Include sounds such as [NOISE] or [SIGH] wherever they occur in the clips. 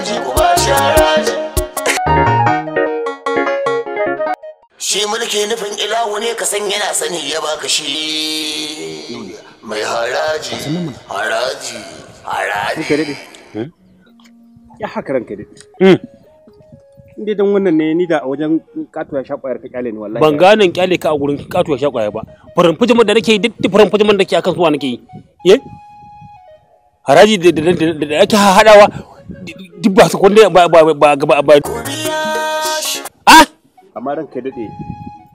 haraji ku ba shi haraji shi mulki nufin ilahu ne ka san yana sani ya baka shi mai haraji haraji haraji hmm? ya haka ranka dai hmm. inda dan wannan ne ni da a wajen katuwa shakwayar ka kyale ne wallahi ban ganin kyale ka a gurin katuwa shakwaya ba farin fujiman da nake yi duk farin fujiman da ke akan suwa nake yi ye eh? haraji da ake hadawa duk ba sakon ba ba ba ba ba ah! amma ran kai dade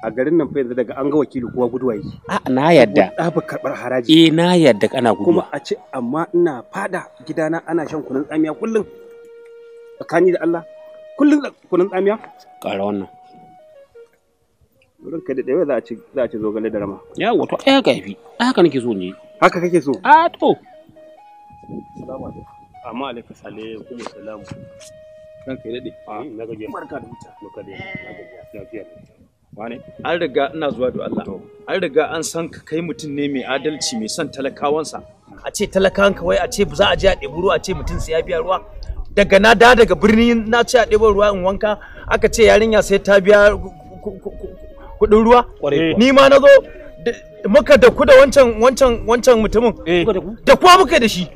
a garin nan fa yanzu daga an ga wakili kowa guduwa yi a ah, na yadda ɗafa haraji eh na yadda kana guduwa kuma a ce amma ina fada gidana ana shan kunun tsamiya tsakani da Allah kunun tsamiya wannan wurin kai za a ci za a ci da rama ya wato haka nake so haka kake so a ah, to amma alaika sale kuma salamu kan kai dade ah, eh. na gaje barka da muka dai na gaje eh. lafiya wane an riga ina zuwa da Allah an riga an san ka kai mutum ne mai adalci mai son talakawansa hmm. a ce talakawan kawai a ce za a je a ɗebi ruwa a ce mutum sai ya biya ruwa daga na da daga birni na ce a ɗebi ruwa in wanka aka ce yarinya sai ta biya kuɗin ruwa ni ma na zo muka da ku da wancan wancan wancan mutumin eh. da kuwa muka da shi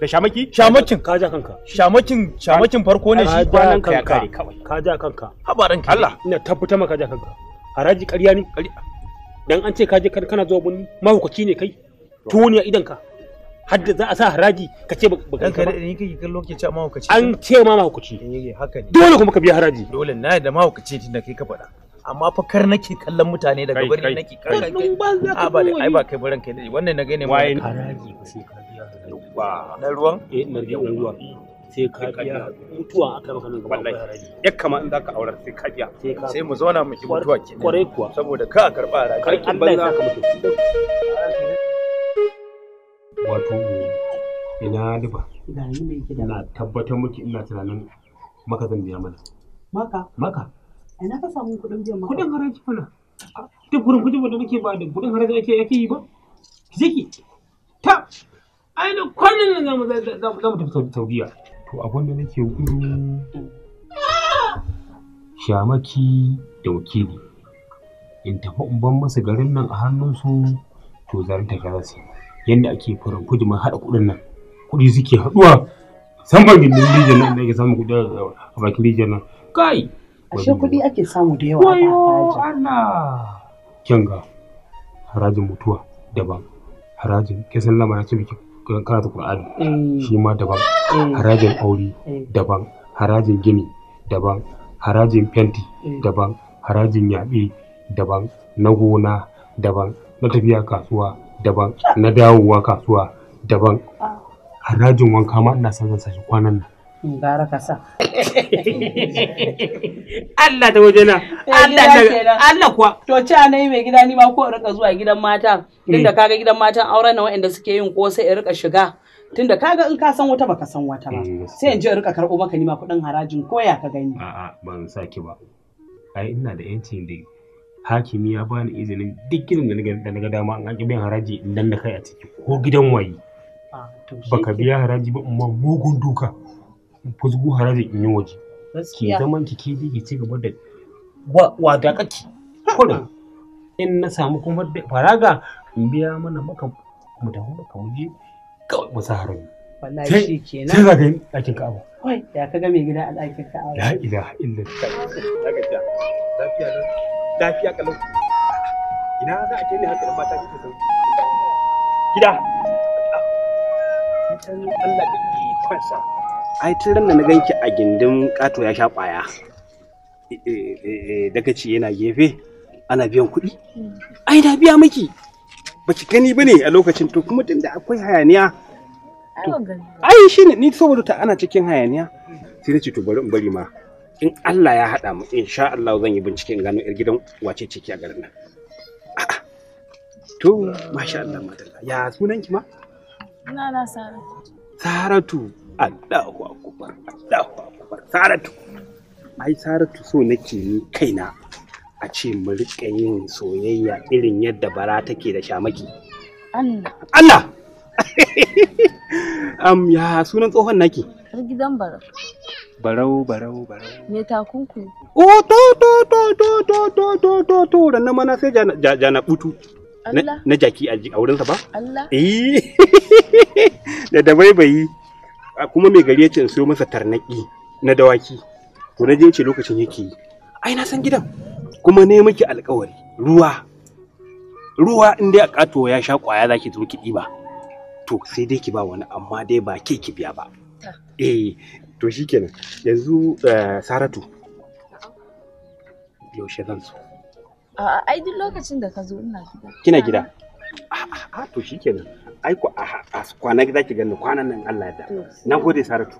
da shamaki shamakin ka ja kanka shamakin shamakin farko ne shi kwanan ka kare kawai ka ja kanka habaran ka Allah ina tabbata maka ja kanka haraji ƙarya ne dan an ce ka je kana zuwa bunni mahukaci ne kai tuniya idan ka hadda za a sa haraji ka ce ba ka ba ne kake kallo ke ce mahukaci an ce ma mahaukaci eh, eh, haka ne dole kuma ka biya haraji dole na da mahukaci tunda kai ka faɗa amma fa kar nake kallon mutane daga bari nake kar kai ba ai ba kai baran kai wannan na gane mu haraji ka sai ka na ruwan eh margin na ruwan sai ka biya mutuwa aka maka nan gaba wallahi ya kama in zaka aurar sai ka biya sai mu zauna mu ki mutuwa kenan kwarai kuwa saboda ka karba haraji karkin banza ka mutu wato ina liba ina tabbatar miki ina tunanin maka zan biya mana maka maka ina ka samu kudin biyan maka kudin haraji fana duk gurin kuɗin da nake ba da kuɗin haraji ake yi ba ziki ta ai da kwanan nan za mu tafi saudiya to abin da nake gudu shamaki da wakili in tafi in ban masa garin nan a hannunsu to zan ta kaza su yadda ake furin kuji mun haɗa kuɗin nan kuɗi suke haɗuwa musamman gindin rijiyar nan da ake samu kuɗi a bakin rijiyar nan kai ashe kuɗi ake samu da yawa a wayo Allah ga harajin mutuwa daban harajin kisan lama ya ci karanta Qur'ani eh. shi ma daban eh. harajin aure eh. daban harajin gini daban harajin fenti daban harajin yaɓe daban na gona daban na tafiya kasuwa daban na dawowa kasuwa daban ah. harajin wanka ma ina son zan kwanan nan gara ka sa [LAUGHS] Allah da wajena eh, Allah kuwa to ci yi mai gida ni ma ko rika zuwa gidan mata tunda hmm. kaga gidan matan auren na waɗanda suke yin ko sai in rika shiga tunda kaga in ka san wata baka san wata ba eh, sai in je rika karɓo maka nima kuɗin harajin koya ka gani a'a ban saki ba ai ina da yancin da hakimi ya bani izinin duk gidan da na ga dama an ga bin haraji dan da kai a ciki ko gidan waye ah, baka biya haraji ba amma mugun duka fusgu haraji in yi waje ki zaman ki ke ki ci gaba da wada kake kurin in na samu kuma faraga in biya mana maka mu da maka mu je kawai mu sa wallahi shi kenan sai zaka yi ɗakin ka'aba wai Ya ka ga mai gida a ɗakin ka'aba la ilaha illa lafiya lafiya lafiya kalau ina za a ke ne haka mata kike sauki gida Allah da ikonsa ai tun ran da na ganki a gindin kato ya sha kwaya eh, eh, eh, daga ci yana gefe ana biyan kuɗi ai na biya miki baki gani bane a lokacin to kuma tunda akwai hayaniya ai shi ne ni saboda ta ana cikin hayaniya sai na ce to bari in bari ma in Allah ya haɗa mu insha Allah zan yi bincike in gano 'yar gidan wace ciki a garin nan to masha Allah madalla ya sunan ki ma ina na saratu saratu Allahu akbar Allahu akbar Saratu ai Saratu so nake ni kaina a ce mu rika yin soyayya irin yadda bara take da shamaki Allah Allah [LAUGHS] am ya sunan tsohon nake? naki gidan barau barau barau barau me takunku oh to to to to to to to to to ranan mana sai jana butu Allah! na jaki a wurinsa ba Allah eh [LAUGHS] da dabaibayi kuma mai gari ya ce in siyo masa tarnaki na dawaki to na je lokacin yake yi ai na san gidan kuma ne miki alkawari ruwa ruwa in dai a kato ya sha kwaya zaki zo ki ɗiba to sai dai ki ba wani amma dai ba ke ki biya ba eh to shikenan yanzu eh, saratu yaushe zan so ai duk lokacin da ka zo ina gida kina gida a to shikenan ai ku a kwana gida ki ganni kwanan nan Allah ya da na gode saratu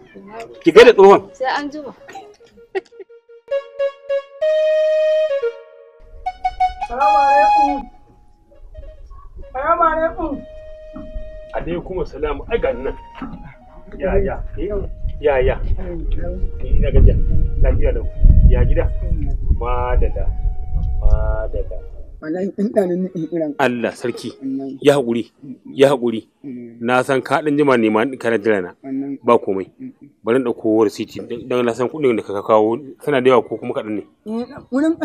ki ga da tsohon sai an Salamu alaikum. Salamu alaikum. Alaikum ai ga nan. Ya ya. Ya ya. Ya gida. Madada. wallahi dan danin ni irin Allah sarki ya haƙuri ya haƙuri mm. na san ka jima ne ma kana jira na ba komai mm. bari da receipt don na san kuɗin da ka kawo kana da yawa ko kuma kaɗan ne eh, wurin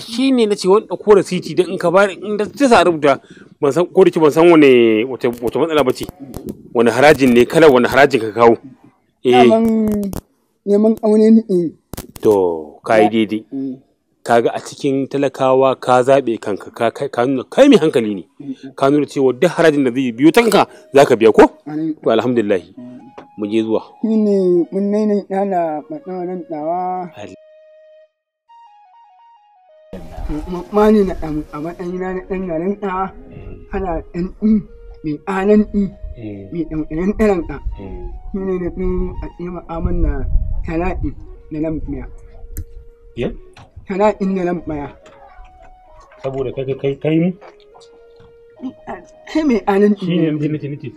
shi ne na ce wani dauko receipt dan in ka bari in da ta sa rubuta ban san ko da ban san wani wata matsala matsala ce wani harajin ne kala wani harajin ka kawo eh neman aune ni to kai daidai mm. kaga a cikin talakawa ka zaɓe kanka ka nuna kai mai hankali ne ka nuna cewa duk harajin da zai biyo ta kanka za ka biya ko to alhamdulillah mu je zuwa shine mun nai yana matsawaran dawa mani na a matsayin na ɗan garin ɗa ana ɗan ɗi mai anan ɗi mai ɗanɗanen ɗaran ɗa shi shine da ɗin a tsima amin na talaɗi da nan biya hana inna nan maya. Saboda kai kai kai mu. Kai mai anan ɗin. Shi ne mutum nace nace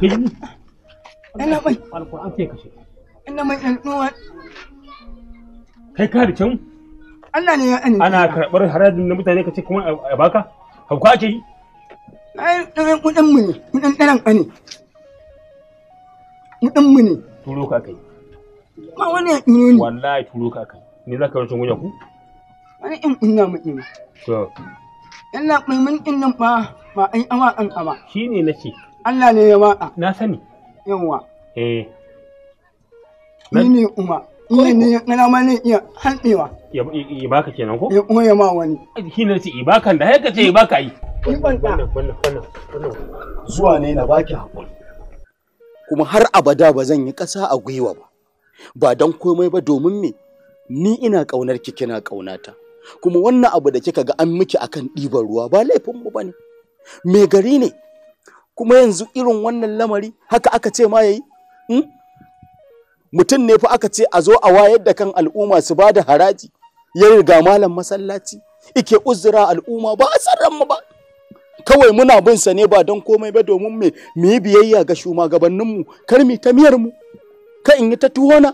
kai mu. Ina mai. Alƙur'an sai kashe. Ina mai dan ɗuwa. Kai ka da can. Allah ne ya ani Ana karbar harajin na mutane kace kuma a baka. Hauka ke yi. Ai dan kudin mu ne, kudin dan ani kudin mu ne. Turo ka kai. Ma wani ya ɗuro ne. Wallahi turo ka kai. Ni zaka ka rashin wuya ku? Wani in mu in To. mai mun in nan fa ba ai awa an awa Shi ne na ce. Allah ne ya waka. Na sani. yawa Eh. Ni ne Umar. Ni ne kana ma ne iya hantsewa. Ya baka kenan ko? eh kuma ya ma wani. Shi ne ce ibakan da haka ce ibaka yi. Zuwa ne na baki hakuri. Kuma har abada ba zan yi ƙasa a gwiwa ba. Ba don komai ba domin me ni ina kaunar ki kina kauna ta. kuma wannan abu da kika ga an miki akan ɗiban ruwa ba laifin mu bane me gari ne kuma yanzu irin wannan lamari haka aka ce ma yayi hmm? mutum ne fa aka ce a zo a wayar da kan al'umma su ba da haraji ya riga malam masallaci ike uzura al'umma ba a san ba kawai muna bin sa ne ba don komai ba domin me mu yi biyayya ga shugabanninmu kar mi ta miyar mu ka in yi ta tuhona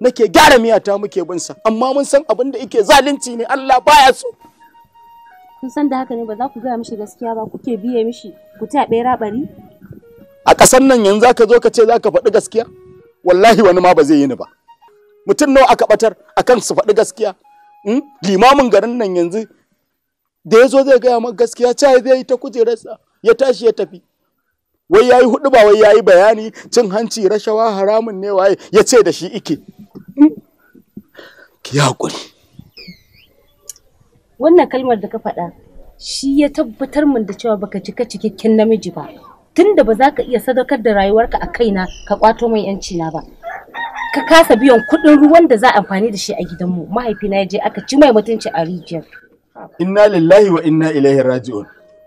nake gyara miyata muke bin sa amma mun san abin da yake zalunci ne Allah baya so kun san da haka ne ba za ku gaya mishi gaskiya ba kuke biye mishi ku ta bera rabari a kasan nan yanzu ka zo ka ce za ka faɗi gaskiya wallahi wani ma ba zai yi ni ba mutum nawa aka batar akan su faɗi gaskiya hmm? limamin garin nan yanzu da ya zo zai gaya maka gaskiya ca zai yi ta kujerarsa ya tashi ya tafi wai yayi hudu ba wai yayi bayani cin hanci rashawa haramun ne waye ya ce da shi ike ki hakuri. Wannan kalmar da ka faɗa shi ya tabbatar min da cewa baka cika cikakken namiji ba. Tunda ba za ka iya sadaukar da rayuwarka a kaina ka kwato min yanci na ba. Ka kasa biyan kuɗin ruwan da za a amfani da shi a gidanmu. Mahaifina ya je aka ci mai mutunci a rijiyar. Inna lillahi wa inna ilaihi raji'un.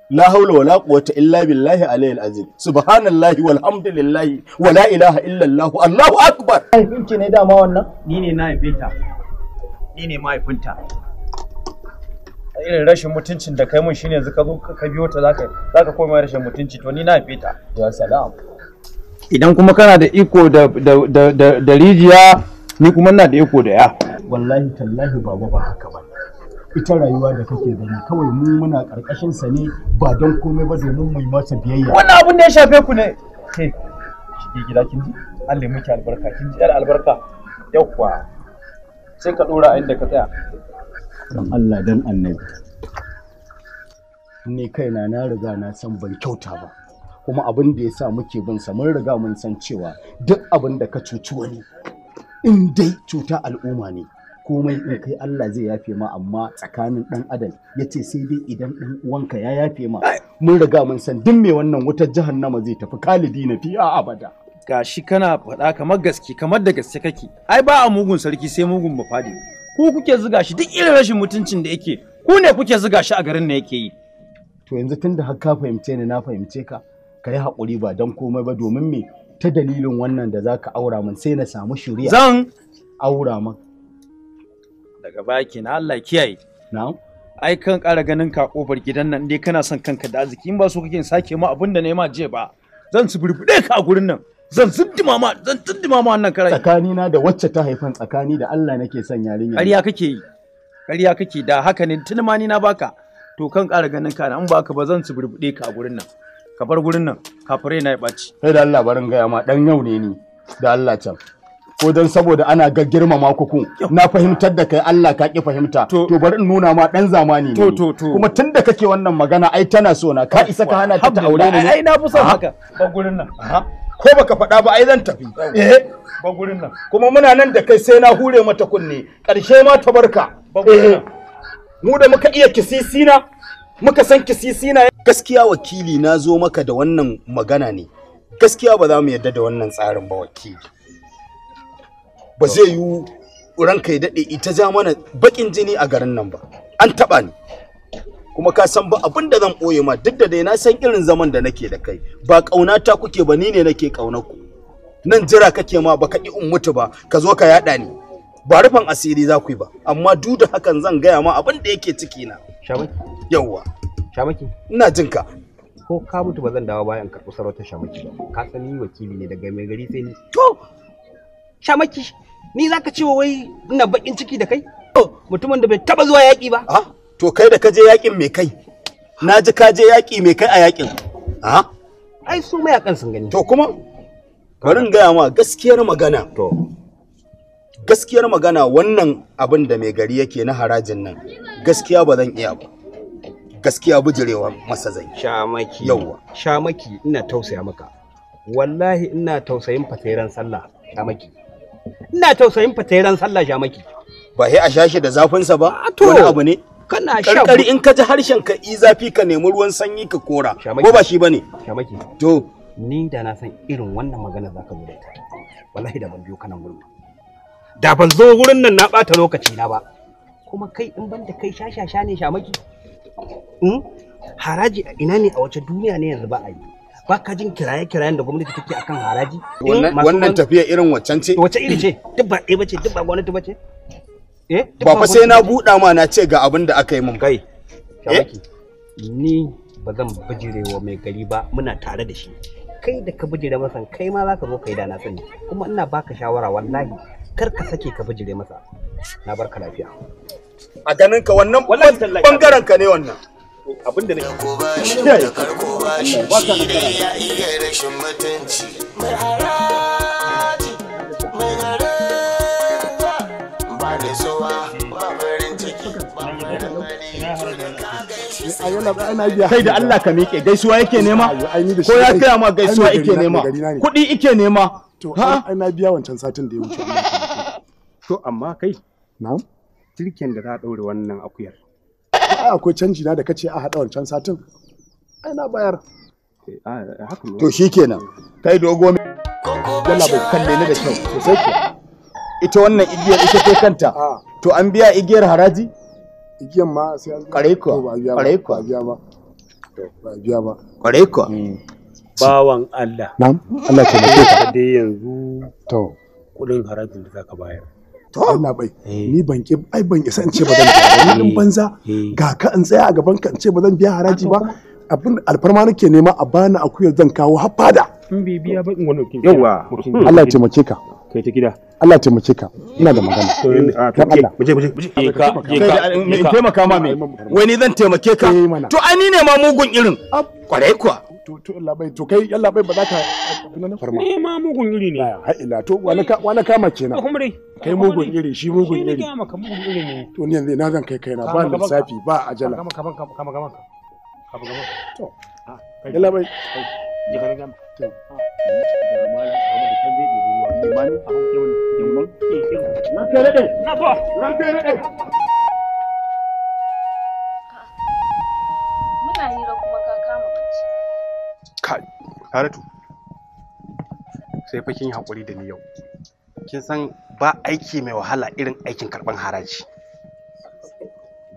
la haula wala quwwata illa billahi alayil azim subhanallahi walhamdulillahi wala ilaha illa allah allahu akbar haifinki ne dama wannan ni ne na haifinta ni ne mahaifinta irin rashin mutuncin da kai mun shine yanzu ka zo ka biyo ta zaka zaka koma rashin mutunci to ni na haifinta ya salam idan kuma kana da iko da da da rijiya ni kuma ina da iko da ya wallahi tallahi baba ba haka ba ita rayuwa da kake gani kawai mu muna karkashin sa ne ba don komai ba domin mun mai masa biyayya wannan abin da ya shafe ku ne ke shige gida kin ji Allah ya miki albarka kin ji yar albarka yauwa sai ka dora a inda ka tsaya dan Allah dan annabi ni kaina na riga na san ban kyauta ba kuma abin da ya sa muke bin sa mun riga mun san cewa duk abin da ka cuci wani in dai cuta al'umma ne komai in kai Allah zai yafe ma amma tsakanin dan adam ya ce sai dai idan dan uwanka ya yafe ma mun riga mun san duk me wannan wutar jahannama zai tafi kalidi na fi a abada gashi kana faɗa kamar gaske kamar da gaske kake ai ba a mugun sarki sai mugun bafadi ku kuke zuga shi duk irin rashin mutuncin da yake ku ne kuke zuga shi a garin na yake yi to yanzu tunda har ka fahimce ni na fahimce ka ka yi haƙuri ba dan komai ba domin me ta dalilin wannan da zaka aura mun sai na samu shiriya. zan aura min daga baya kenan Allah kiyaye na'am ai kan ƙara ganin ka kofar gidan nan dai kana son kanka da arziki in ba so kake sake mu abin da nema je ba zan su ka a gurin nan zan zindima ma zan zindima ma wannan karai tsakani na da wacce ta haifan tsakani da Allah nake son yarinya ƙarya kake yi ƙarya kake da haka ne tun ma ni na baka to kan ƙara ganin ka in baka ba zan su ka a gurin nan ka bar gurin nan kafare na ya ɓaci sai da Allah barin gaya ma dan yau ne ni da Allah can ko don saboda ana ga girmama ku na fahimtar da kai Allah ka ki fahimta to bari in nuna ma dan zamani ne kuma tun da kake wannan magana ai tana so na ka isa ka hana ta ta aure ne ai na fi son haka ba gurin nan ko baka faɗa ba ai zan tafi eh ba gurin nan kuma muna nan da kai sai na hure mata kunne ƙarshe ma ta barka ba gurin eh. nan mu da muka iya kisisi na muka san kisisi na gaskiya wakili na zo maka da wannan magana ne gaskiya ba za mu yarda da wannan tsarin ba wakili ba zai yi ranka ya daɗe ita ja mana baƙin jini a garin nan ba an taɓa ni kuma ka san ba abin da zan ɓoye ma duk da dai na san irin zaman da nake da kai ba ƙaunata kuke ba ni ne nake ƙaunar ku nan jira kake ma baka ƙi in mutu ba ka zo ka yaɗa ni ba rufin asiri za ku yi ba amma duk da hakan zan gaya ma abin da yake ciki na shamaki yawwa shamaki ina jin ka ko ka mutu ba zan dawo bayan karɓi sarautar shamaki ba ka san ni wakili ne daga mai gari sai ni to shamaki ni za ka cewa wai ina bakin ciki da kai oh, mutumin da bai taba zuwa yaƙi ba ah, to kai da ka je yaƙin mai kai na ji ka je yaƙi mai kai a yaƙin ah? ai su mayakan sun gani to kuma bari in gaya ma gaskiyar magana to gaskiyar magana wannan abin da mai gari yake na harajin nan gaskiya ba zan iya ba gaskiya bujurewa masa zai shamaki yawwa shamaki ina tausaya maka wallahi ina tausayin fatairan sallah shamaki ina tausayin ran sallah shamaki ba sai a shashi da zafin sa ba ah, wani abu ne kana sha kankari in ka ji harshen ka i zafi ka nemi ruwan sanyi ka kora ko ba shi bane shamaki to ni da na san irin wannan magana zaka zo da ita wallahi da ban biyo kana gurin da ban zo wurin nan na bata lokaci na ba kuma kai in banda kai shashasha ne shamaki hmm? haraji ina ne a wace duniya ne yanzu ba a yi ba ka jin kiraye kirayen da gwamnati take akan haraji wannan eh, tafiya irin waccan ce wace iri ce duk ba ba ce duk ba gwamnati ce eh ba fa sai na buɗa ma na ce ga abin da aka yi mun kai eh? ni ba zan bijirewa mai gari ba muna tare da shi kai da ka bijire masa kai ma zaka zo kai da na sani kuma ina baka shawara wallahi kar ka sake ka bijire masa na barka lafiya a ganin ka wannan bangaren ka ne wannan abin da nake ko ba kai da Allah ka miƙe gaisuwa yake nema ko ya kira ma gaisuwa yake nema kuɗi yake nema to ai na biya wancan satin da ya wuce to amma kai na'am Tirken da za a ɗaure wannan akuyar ai akwai canji na da kace a haɗa wancan satin ai na bayar eh, to kenan. kai dogo yana bai kalle ni da kyau sai ke. ita wannan igiyar ita kai kanta ah. to an biya igiyar haraji igiyar ma sai an kare ko ba biya ba ba biya ba kare ko hmm. bawan Allah na'am Allah ke da yanzu to kudin harajin da zaka bayar Allah bai eh. ni ban ki ai ban isa in ce ba zan [LAUGHS] biya eh. banza eh. ga ka in tsaya a gaban ka in ce ba zan biya haraji ba abin alfarma nake nema a bani akuyar zan kawo har fada in biya ba in wani yawa hmm. Allah ya taimake ka kai ta gida Allah taimake ka ina da magana ah, dan Allah ka ka me wai ka ne ma mugun irin kwarai kuwa to kai Allah ba za ka farma eh ma mugun iri ne ha ila to wani ka wani kama kai mugun iri shi mugun iri ne mugun iri ne to ni yanzu na zan kai kaina ba lissafi ba ajala kama kama kama kama kama kama to ji to na kai na faratu sai fa kin haƙuri da ni yau kin san ba aiki mai wahala irin aikin karɓan haraji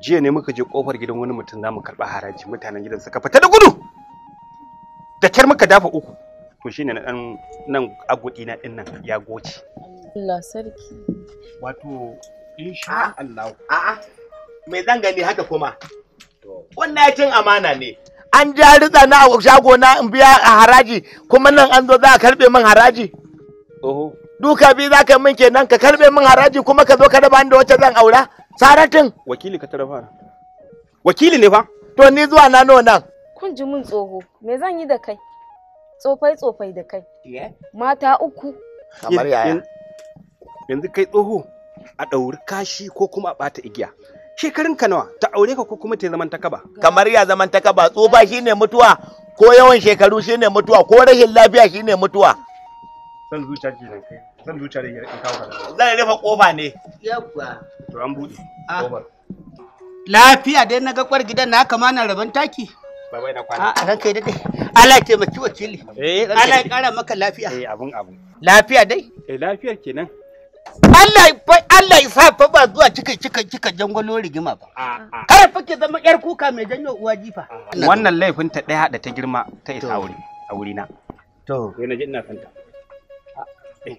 jiya ne muka je ƙofar gidan wani mutum za mu karɓa haraji mutanen gidan suka fita da gudu da kyar muka dafa uku to ne na nan agudi na ɗin nan ya goce Allah sarki wato insha Allah a'a me zan gani haka kuma wannan cin amana ne an ja ritsa na a shago na in biya a haraji kuma nan an zo za a karbe min haraji duka bi za ka min kenan ka karbe min haraji kuma ka zo ka raba da wacce zan aura saratin wakili ka tarafa wakili ne fa to ni zuwa na nawa nan kun ji mun tsoho me zan yi da kai tsofai tsofai da kai mata uku kamar yaya yanzu kai tsoho a ɗauri kashi ko kuma a ɓata igiya shekarun ka nawa ta aure ka ko kuma ta zaman takaba kamar ya zaman takaba tsufa shine mutuwa ko yawan shekaru shine mutuwa ko rashin lafiya shine mutuwa san zuciya ke nan kai san zuciya da ya kawo ka zan rufe kofa ne yabba to an bude ah. lafiya dai naga kwar gidan na kama na rabon taki bai bai na kwana a ranka dai Allah ya taimaki wakili eh Allah ya kara maka lafiya eh abun abun lafiya dai eh lafiyar kenan Allah sa fa ba zuwa kika kika kika jangwalo rigima ba. Kar fa ki zama yar kuka mai janyo uwa jifa. Wannan laifin ta daya da ta girma ta isa aure wuri na. To, yana jin ina santa.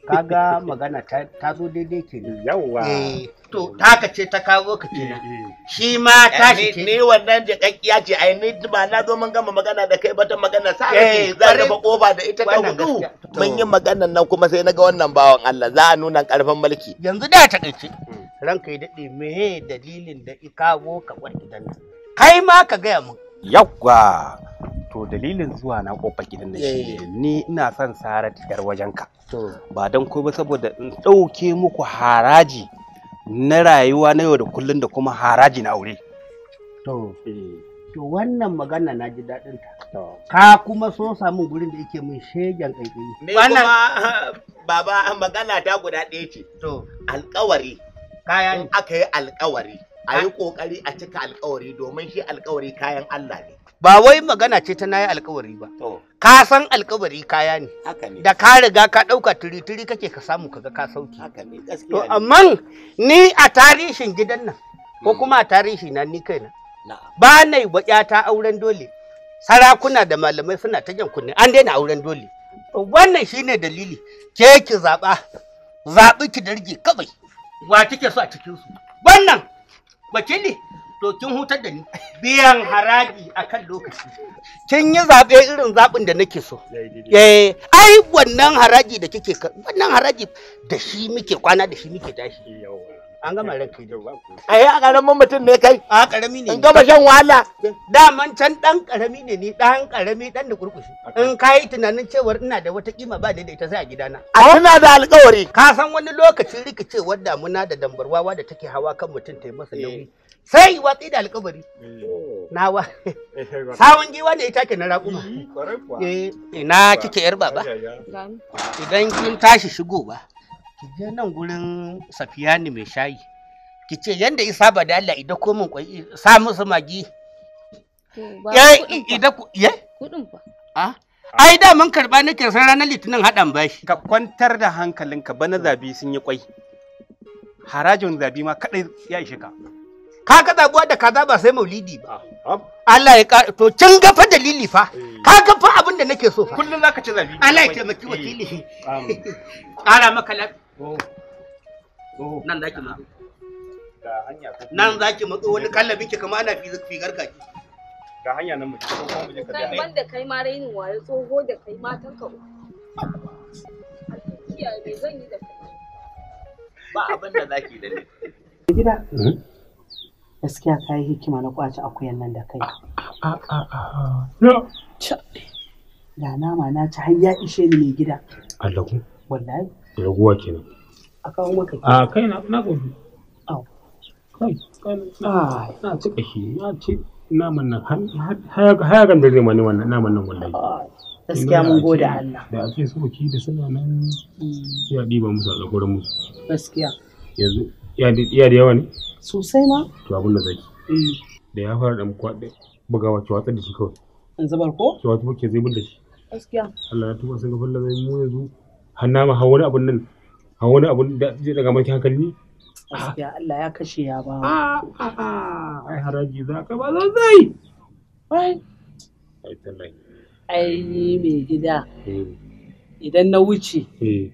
kaga magana ta zo daidai ke ne yawa eh, to taka ce ta kawo ka kenan eh, eh. shi ma ta shi ke. ne wannan da kakkiya ce ai ni ba na zo mun gama magana da kai ba ta magana sa eh za ka ba koba da ita ta hudu mun yi magana nan kuma sai naga wannan bawan Allah za a nuna karfin mulki yanzu da ta kace hmm. ranka ya dade me dalilin da ikago ka war gidan kai ma ka gaya mun yawa to dalilin zuwa na kofar gidan na ni ina son sarar yar wajenka ba don ko ba saboda in ɗauke muku haraji na rayuwa na yau da kullum da kuma haraji na aure to eh. to wannan magana na ji daɗin ta ka kuma so samun gurin da yake mun shegen ƙaiƙayi wannan [LAUGHS] baba magana ta guda ɗaya ce to alƙawari kayan aka yi alƙawari a yi ah. ƙoƙari a cika alƙawari domin shi alƙawari kayan Allah ne ba wai magana ce ta nayi alkawari ba ka san alkawari kaya ne da ka riga ka ɗauka turi-turi kake ka samu kaga ka sauki to amma ni a tarihin gidan nan ko mm. kuma a tarihi na ni kaina ba na yi ta auren dole sarakuna da malamai suna ta jan kunne an daina auren dole wannan shine dalili ke ki zaɓa zaɓi ki darge kawai wa kike so a cikin su wannan wakili to kin huta da ni biyan haraji akan lokaci kin yi zabe irin zabin da nake so eh ai wannan haraji da kike wannan haraji da shi muke kwana da shi muke tashi an gama ran da ba ai a karamin mutum ne kai a karami ne in gama shan wahala man can dan karami ne ni dan karami dan da kurkushi in kai tunanin cewar ina da wata kima ba da ita sai a gidana a ina da alƙawari ka san wani lokacin rikicewar damuna da dambarwawa da take hawa kan mutum ta yi masa nauyi sai watsi da alkabari eh. nawa eh, sawun giwa ne ya take na raƙuma eh, ina kike yar baba idan kin tashi ba, ki je nan gurin safiyani mai shayi ki ce yanda isa ba da Allah idan komin kwai sa musu magi idan ku kudin fa a ah? ah. ai da mun karba nake san ranar litinin hadan bashi ka kwantar da hankalinka bana zabi sun yi kwai harajin zabi ma kadai ya ishe ka ka ga zabuwa da kaza ba sai maulidi ba Allah ya ƙara to kin ga fa dalili fa eh. ka ga fa abin da nake so fa kullun zaka ci zabi Allah ya taimaki wakili eh. [LAUGHS] ƙara maka lafiya nan zaki ma nan zaki matso wani kallabi ki kama ana figar kaki ga hanya nan mutum ko kuma je ka dai ban da kai ma rainin waye tsoho da kai matan ka zan yi da ba abin da zaki da ni gida hmm? gaskiya ka yi hikima na kwace akuyan nan da kai da nama na ci har ya ishe ni mai gida allahu wallahi raguwa kenan a kawo maka a kai na na gobe kai na ci kashi na ci naman nan har da zai mani wannan naman nan wallahi gaskiya mun gode Allah da ake so ki da suna nan ya mm. diba musu a tsakurin musu gaskiya yanzu iya da yawa ne sosai ma to abin da zaki mm. da ya fara da muku bugawa ki watsar da shi kawai in zubar ko ki watsar ke zai da shi gaskiya Allah ya tuba sun ga fulla zai mu yanzu hanna ma hawa wani abun nan hawa wani abun da zai daga maki hankali ne gaskiya Allah ya kashe ya ba ah, ah, ah. ai haraji za ka ba zan zai ai ai mai gida eh. idan na wuce eh.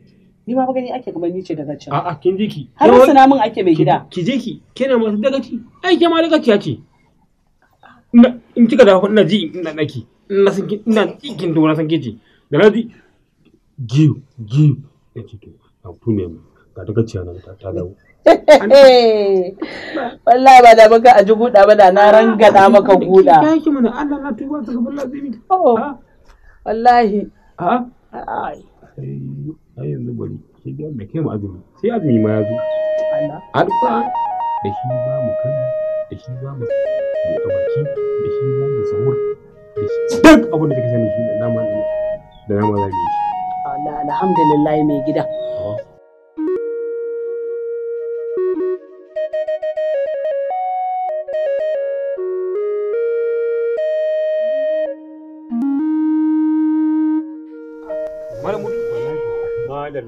ni ma gani ake kuma ni ce daga can a'a kin je ki har su na mun ake mai gida ki je ki kina ma daga dagaci ai ke ma daga dagaci ce in kika da ina ji ina naki ina san kin ina ji kin dora san kin ji da na ji giyu giyu ya ce to a tune mu ga ci nan ta ta dawo [LAUGHS] wallahi ba da baka a ji guda ba da na rangada maka guda kai ki mana Allah na tuba ta gaban lazimi wallahi Ha? Oh, a'a ai yanzu bari shi ga azumi sai azumi ma ya zo alƙur'an da shi za mu kan da shi za mu buɗe baki da shi za mu sahur da shi duk abin da kake sani shi da nama da nama za mu yi alhamdulillah mai gida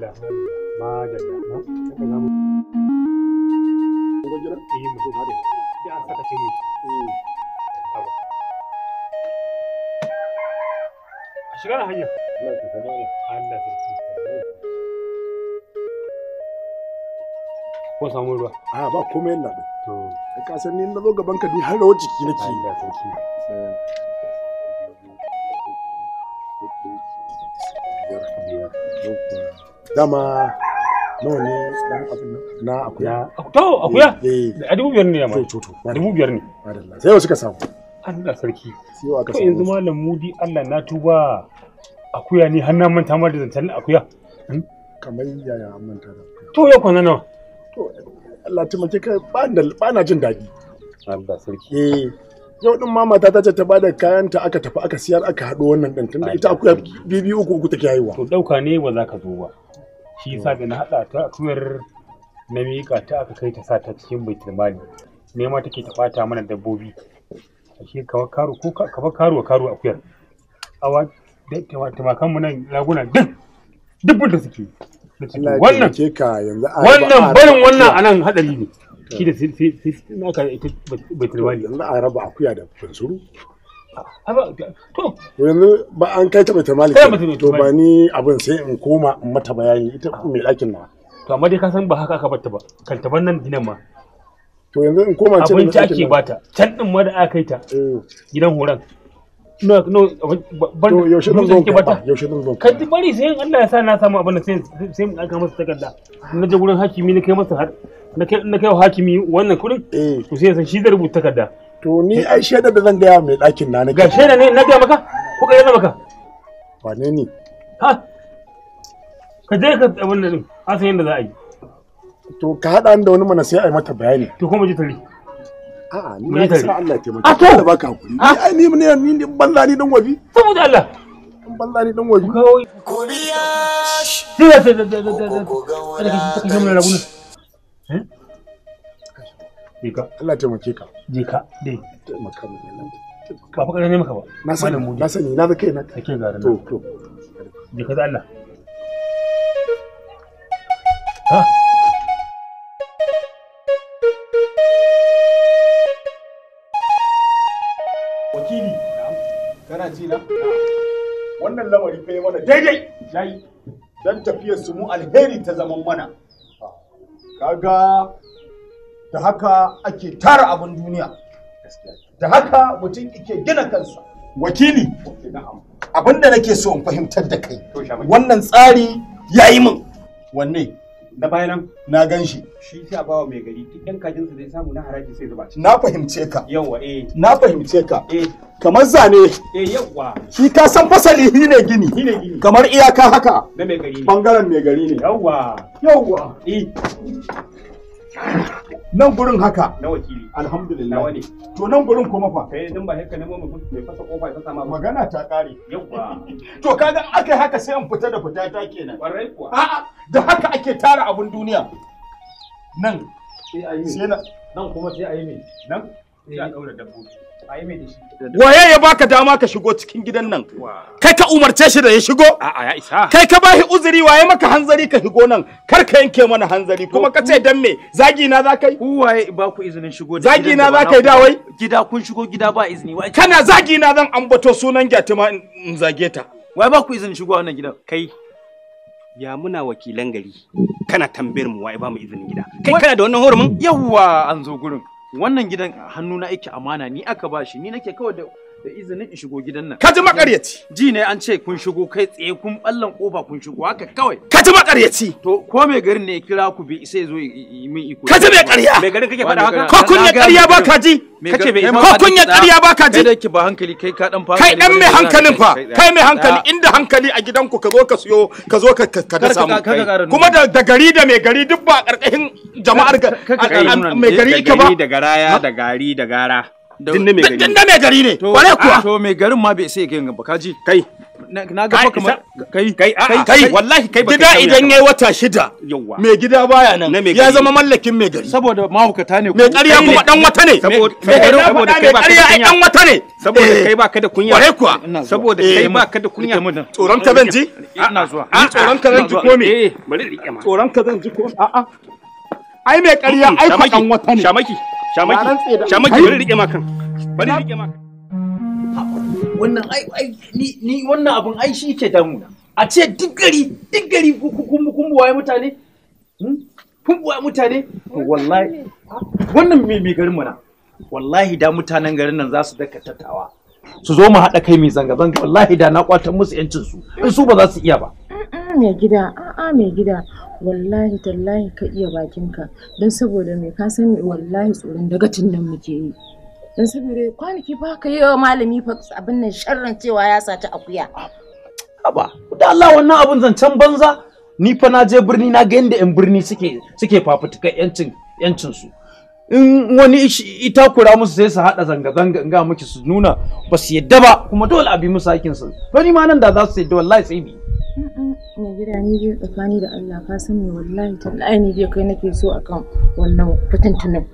madalla eh, Ya ce a ko samu ruwa a ba komai to ka san ni na zo gaban ka ni har rawar jiki nake Allah sarki dama nawa ne dan abin na akuya to akuya eh, eh. a dubu biyar ne ya mai to to dubu biyar ne sai yau suka samu Allah sarki to yanzu malam mudi Allah na tuba akuya ne har na manta ma da zantar akuya hmm? kamar yaya manta da to yau kwana nawa to Allah taimake ka ba na jin daɗi Allah sarki eh, yau din ma ta ce ta bada kayan ta aka tafi aka siyar aka haɗo wannan din tunda ita akuya bibi uku uku take haihuwa to dauka ne ba za ka zo ba shi yasa da na haɗa ta akuyar na miƙa ta aka kai ta sa ta cikin baitul nema take ta ɓata mana dabbobi ashe kamar karo ko kamar karo karo akuyar awa tumakanmu nan laguna duk duk da suke wannan wannan barin wannan anan hadari ne shi da sai aka ita baitul mali yanzu a raba akuya da fansuru yanzu ba an kai ta bata maliki to ba ni abin sai in koma in mata bayani ita mai ɗakin na to amma dai ka san ba haka aka bata ba kaltaban nan gidan ma to yanzu in koma can abinci ake bata can din ma da aka kai ta eh. gidan horan no no ban yaushe zan zo bata yaushe zan zo kai bari sai Allah ya sa na samu abin sai sai mu aka masa takarda na je gurin hakimi na kai masa na kai na kai hakimi wannan kudin eh. to sai san shi zai rubuta takarda to ni ai shaidar da zan gaya mai ɗakin na na ga shaidar ne na gaya maka ko ka yana maka wane ne ha ka je ka abin da din a san yadda za a yi to ka haɗa da wani mana sai a mata bayani to kuma ji tari a'a ni na sa Allah ya taimaka a to baka hakuri ai ni ne ni banza ni dan wabi saboda Allah banza ni dan wabi ko biya shi da da da da da da da da da da da da je ka Allah taimake ka je dai taimaka mu ba fa karami maka ba na sani na sani na kai na kake garin to to je ka da Allah ha wakili kana ji na wannan lamari fa mana daidai yayi dan tafiyar su mu alheri ta zaman mana kaga da haka ake tara abin duniya da haka mutum ke gina kansa wakili abin da nake so in fahimtar da kai wannan tsari ya yi min wanne na bayanan na gan shi shi sai bawa mai gari duk yan kajin su zai samu na haraji sai zuba na fahimce ka yawa eh na fahimce ka eh kamar zane eh yawa shi ka san fasali shi ne gini shi ne gini kamar iyaka haka na mai gari bangaren mai gari ne yawa yawa eh nan gurin haka na wakili alhamdulillah wani to nan gurin kuma fa kai din ba haka ne mu nemo mai fasa kofa ya fasa ma magana ta kare yawa [LAUGHS] to kaga akai haka sai an fita da fita ta kenan kwarai kuwa a a da haka ake tara abun duniya nan sai ayi nan kuma sai ayi nan eh. sai a daura dabbobi waye ya baka dama ka shigo cikin gidan nan kai ka umarce shi da ya shigo kai ka bashi uzuri waye maka hanzari ka shigo nan kar ka yanke mana hanzari kuma ka ce dan me zagi na za kai waye ba ku izinin shigo da zagi na za kai da wai gida kun shigo gida ba izini wai kana zagi na zan ambato sunan gyatima in zage ta waye ba ku izinin shigo wannan gidan kai ya muna wakilan gari kana tambayar mu waye ba mu izinin gida kai kana da wannan horumin yawwa an zo gurin wannan gidan hannuna yake amana ni aka bashi ni nake kawai da da izinin in shigo gidan nan. Kaji makaryaci. Ji ne an ce kun shigo kai tsaye kun ballan kofa kun shigo haka kawai. Kaji makaryaci. To ko mai garin ne ya kira ku bi isa zo min iko. Kaji mai ƙarya. Mai garin kake faɗa haka? Ko kun ya ƙarya ba ka ji? Kace bai ko kun ya ƙarya ba ka ji? Kai da ba hankali kai ka dan fa. Kai dan mai hankalin fa. Kai mai hankali inda hankali a gidanku ka zo ka siyo ka zo ka ka da samu. Kuma da da gari da mai gari duk ba ƙarƙashin jama'ar mai gari ka ba. Da gari da garaya da gari da gara. din ne mai gari din ne mai gari ne kware kuwa to mai garin ma bai sai yin gaba kaji kai na ga kamar kai kai kai wallahi kai ba gida idan yayi wata shida mai gida baya nan ya zama mallakin mai gari saboda ne mai ƙarya kuma dan wata ne saboda kai ba ƙarya dan wata ne saboda eh. kai ba ka da kunya kware kuwa saboda eh. kai ba ka da kunya tsoron ka zan ji ina zuwa ni tsoron ka zan ji ko me eh. bari ma tsoron ka zan ji ko a'a ai mai ƙarya ai faɗan wata ne shamaki shamaki shamaki bari rike makan bari rike makan wannan ai ai ni wannan abun ai shi ke damu a ce duk gari duk gari kun kun buwaye mutane hmm? kun buwaye mutane wallahi wannan me me garin mu na wallahi da mutanen garin nan za su daka tattawa su zo mu haɗa kai mai zanga-zanga wallahi da na kwatan musu 'yancin su in su ba za su iya ba. mai gida a'a mai gida wallahi tallahi ka iya bakinka don saboda me ka sani wallahi tsoron daga nan muke yi don saboda kwanaki ba ka yi wa malami fa abin nan sharran cewa ya ta akuya haba da Allah wannan abun zancen banza ni fa na je birni na ga yanda yan birni suke suke fafutukan yancin yancin su in wani ita kura musu sai su hada zanga zanga in ga miki su nuna ba su yadda ba kuma dole a bi musu hakkin su ni ma nan da za su yadda wallahi sai bi mai gida ni dai tsakani da Allah ka san me wallahi tallahi ni dai kai nake so akan wannan kwatantanin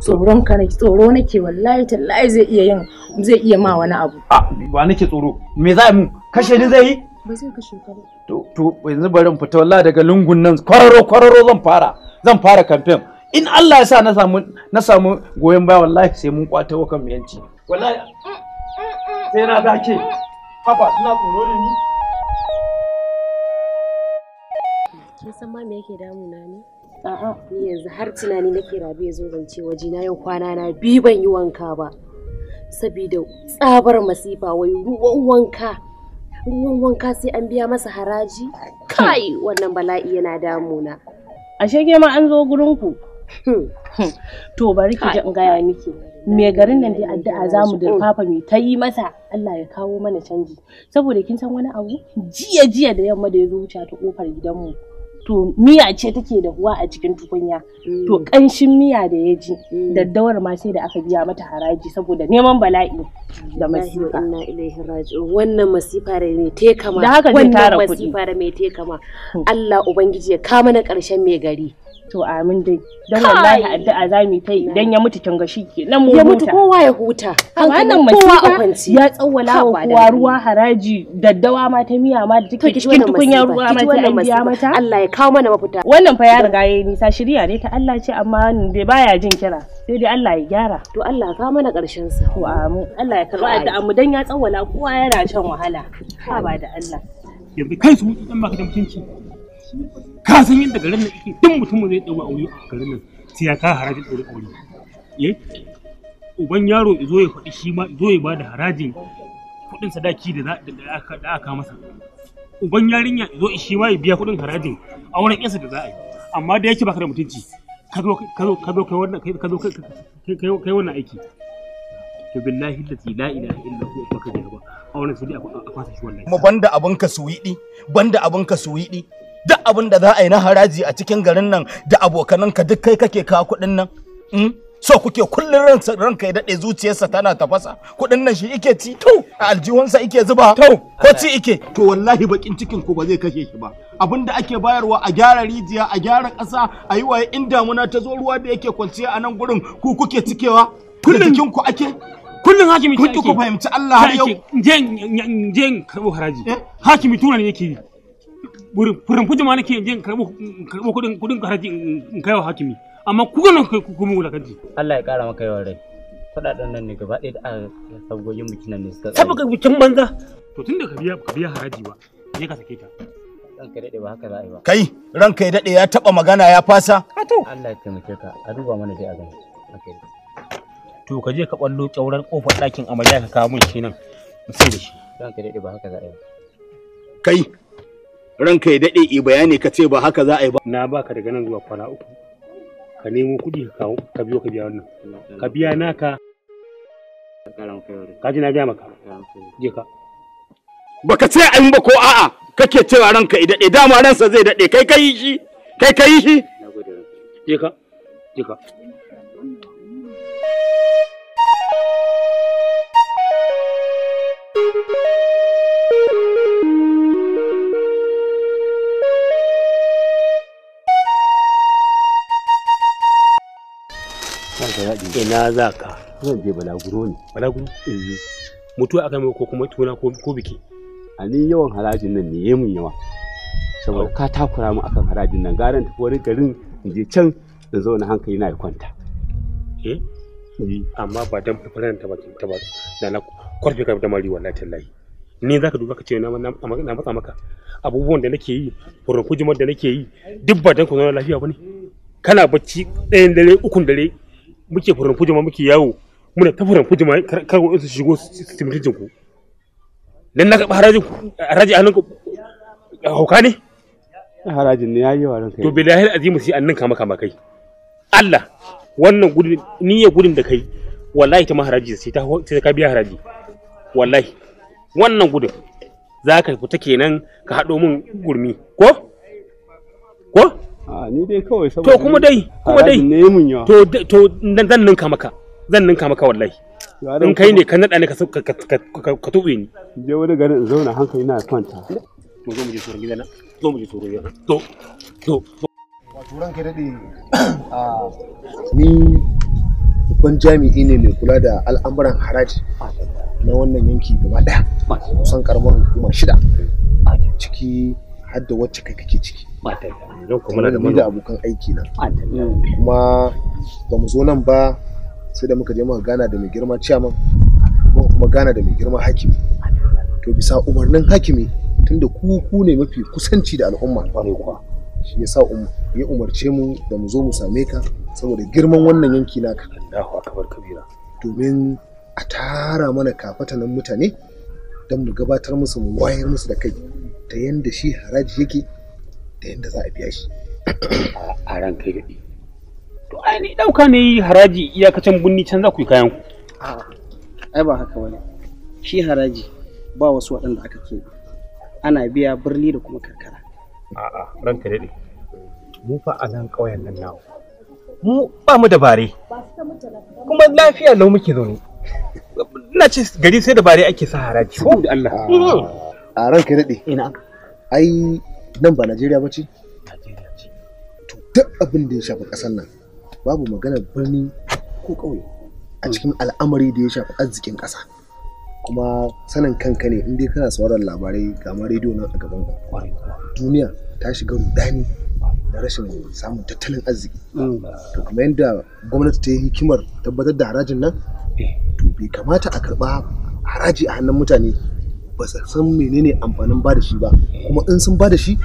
tsoron ka nake tsoro nake wallahi tallahi zai iya yin zai iya ma wani abu a ba nake tsoro me za mu kashe ni zai yi ba zai kashe ka ba to to yanzu bari in fita wallahi daga lungun nan kwararo kwararo zan fara zan fara campaign in Allah ya sa na samu na samu goyon baya wallahi sai mun kwata wa kan mu yanci wallahi sai na dace haba ina tsoro da ni kin san ma me yake damuna ne a'a ni yanzu har tunani nake rabi ya zo zance waje na yau kwana na biyu ban yi wanka ba saboda tsabar masifa wai ruwan wanka ruwan wanka sai an biya masa haraji kai wannan bala'i yana damuna ashe ke ma an zo gurin ku hmm. to bari ki ji in gaya miki me garin nan dai addu'a zamu mu durfafa mai ta yi masa Allah ya kawo mana canji saboda kin san wani abu jiya jiya da yamma da ya zo wuce ta kofar gidanmu to miya ce take da ruwa a cikin tukunya mm. to kanshin miya da ya ji mm. daddawar ma sai da aka biya mata haraji saboda neman bala'i da masifa wannan masifa da mai te kama da haka wannan masifa da mai te kama hmm. Allah ubangiji ya kama na karshen mai gari to amin dai dan wallahi addu'a za mu ta idan ya mutu kin ga shi ke nan mu huta. ya mutu kowa ya huta wannan masifa ya tsawwala wa kowa ruwa haraji daddawa ma ta miya ma da take cikin tukunya ruwa ma ta biya mata Allah ya kawo mana mafita wannan fa ya riga yi nisa shirya ne ta Allah ce amma bai baya jin kira sai dai Allah ya gyara to Allah ya kawo mana karshen sa to amin Allah ya karba addu'a mu dan ya tsawwala kowa yana shan wahala ha ba da Allah yanzu kai su mutu dan baka da mutunci ka san yadda garin nan yake duk mutumin zai ɗaura aure a garin nan sai ya ka harajin ɗaura aure eh uban yaro zo ya faɗi shi ma zo ya ba harajin kuɗin sadaki da da aka masa uban yarinya zo shi ma ya biya kuɗin harajin auren yansa da za a yi amma da yake baka da mutunci ka zo ka zo kai wannan ka zo kai wannan aiki to billahi la ilaha illa hu baka da ba auren sai a fasa shi wallahi mu banda abun ka suwiɗi banda abun ka duk abin da za a yi na haraji a cikin garin nan da abokananka duk kai kake kawo kuɗin nan hmm? so kuke kullun ransa ranka ya dade zuciyarsa tana tafasa kuɗin nan shi ike ci to a aljihunsa ike zuba to ko ci ike to wallahi bakin cikin ku ba zai kashe shi ba abinda ake bayarwa a gyara rijiya a gyara ƙasa a yi waye in damuna ta zo ruwa da yake kwanciya a nan gurin ku kuke cikewa kullun cikin ku ake kullun hakimi ku fahimci Allah har yau je je haraji eh? hakimi tuna ne yake yi burin fujin ma nake yin karɓo kuɗin haraji in kai wa hakimi amma ku gano ku mu wulakanci Allah ya kara maka yawan rai kuɗaɗen nan ne gaba ɗaya da sabgogin bikin nan ne suka saboda bikin banza to tunda ka biya ka biya haraji ba je ka sake ta ranka daɗe ba haka za a yi ba kai ranka ya daɗe ya taɓa magana ya fasa Allah ya taimake ka a duba mana dai a gani to ka je ka ɓallo ƙyaurar ƙofar ɗakin amarya ka kawo mun shi nan sai da shi ranka daɗe ba haka za a yi ba kai ranka ya daɗe i bayani ka ce ba haka za a yi ba. Na baka daga nan zuwa kwana uku. Ka nemo kuɗi ka kawo ka biyo ka biya wannan. Ka biya naka. Ka ji na biya maka. Je ka. Baka ce ayin ba ko a'a kake cewa ranka i daɗe dama ransa zai daɗe kai ka yi shi kai ka yi shi. Je ka. Je ka. Thank you. faɗi ina za ka kuma je balaguro ne balaguro eh mutuwa aka mai ko kuma tuna ko biki a ni yawan harajin nan ne yayi mun yawa saboda ka takura mu akan harajin nan garan tafi wani garin in je can in zauna hankali na kwanta eh? eh amma ba dan fafaran ta ba ta ba da na kwarfe ka da mari wallahi tallahi ni zaka duba ka ce na na matsa maka abubuwan da nake yi furfujimar da nake yi duk ba dan ku zauna lafiya bane kana bacci ɗayan dare ukun dare muke furin fujima muke yawo muna ta furin fujima kar ku su shigo su timrijin ku dan na karɓi harajin haraji anan ku hauka ne harajin ne yayi wa ranka to billahi azimu sai annan kama kama kai Allah wannan gudun niyyar gudun da kai wallahi ta maharaji sai ta sai ka biya haraji wallahi wannan gudun za ka fita kenan ka haɗo min gurmi ko ko Ah, ni dai kawai saboda to kuma dai kuma dai to to zan ninka maka zan ninka maka wallahi in kai ne ka nada ne ka tube ni je wani garin in zauna kwanta mu zo mu je zo mu je to to wato dade a ah, ni babban jami'i ne mai kula da al'amuran haraji na wannan yanki gaba daya kusan karamar hukuma shida a ciki har da wacce kai kake ciki aiki na kuma ba mu zo nan ba sai da muka je muka gana da mai girma ciyaman kuma kuma gana da mai girma hakimi to bisa umarnin hakimi tunda ku ku ne mafi kusanci da al'umma shi ya sa um, ya umarce mu da mu zo mu same ka saboda girman wannan yanki naka Allahu akbar kabira domin a tara mana kafatanin mutane don mu gabatar musu mu wayar musu da kai ta yanda shi haraji yake da yanda za a biya shi [COUGHS] a ran kai gaɗi. to ai ni ɗauka ne haraji iyakacin bunni can za ku yi kayan ku ai ba haka bane shi haraji ba wasu waɗanda aka ke ana biya birni da kuma karkara a'a kai daɗi mu fa a nan ƙauyen nan nawo mu ba mu da kuma lafiya lau muke zaune na ce gari sai da bare ake sa haraji ko da Allah a ranka daɗe ina ai nan ba Najeriya ba ce to duk abin da ya shafi ƙasar nan babu maganar birni ko ƙauye a cikin al'amari da ya shafi arzikin ƙasa kuma sanin kanka ne in dai kana sauraron labarai ga ma rediyo nan a gaban duniya ta shiga rudani da rashin samun tattalin arziki mm. to kuma yadda gwamnati ta yi hikimar tabbatar da harajin nan Eh, to bai kamata a karba haraji a hannun mutane ba su san menene amfanin ba da shi ba kuma in sun ba da shi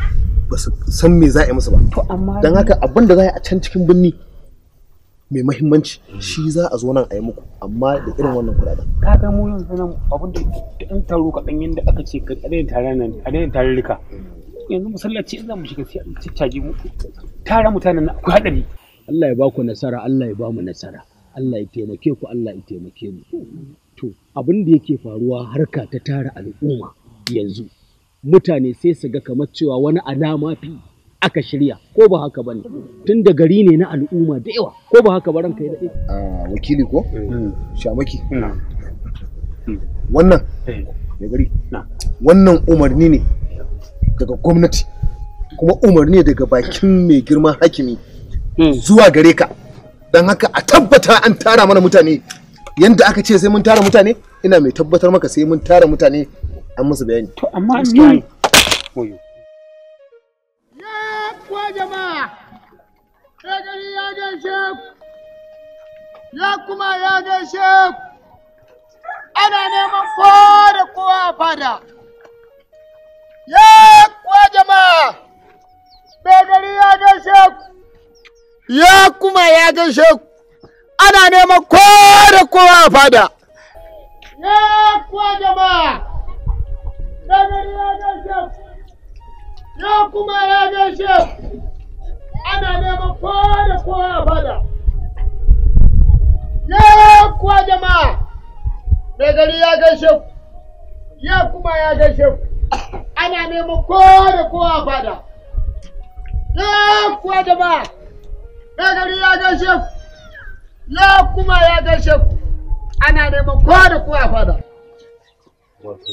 ba su san me za a yi musu ba don haka abin da za a can cikin binni mai mahimmanci shi za a zo nan a yi muku amma da irin wannan kudaden ka ga mu yanzu nan abin da in taro kaɗan yadda aka ce ka daina tare nan a daina tarurruka yanzu masallaci in za mu shiga sai a ciccage mu tara mutanen nan akwai hadari. Allah ya ba ku nasara Allah ya ba mu nasara Allah ya taimake ku Allah ya taimake mu to abin da yake faruwa harka ta tara al'umma yanzu mutane sai su ga kamar cewa wani alama fi aka shirya ko ba haka bane tun da gari ne na al'umma da yawa ko ba haka ba kai da daɗe a ah, wakili ko hmm. shamaki hmm. Hmm. wannan eh. gari wannan umarni ne daga gwamnati kuma umarni ne daga bakin mai girman hakimi zuwa gare ka don haka a tabbata an tara mana mutane yanda aka ce sai mun tara mutane ina mai tabbatar maka sai mun tara mutane an musu bayani to amma ni koyo ya kwa jama'a ya gani ya gaishe ya kuma ya gaishe ana neman ko da kowa a fada ya kwa jama'a Begari ya gaishe ya kuma ya gaishe ku ana neman ko da kowa a fada ya kuwa jama'a ranar ya gaishe ya kuma ya gaishe ana neman ko da kowa a fada ya kuwa jama'a mai gari ya gaishe ya kuma ya gaishe ana neman ko da kowa a fada ya kuwa jama'a Ya gari ya gaishe shef, ya kuma ya gaishe shef, ana neman kowa da kowa fada wato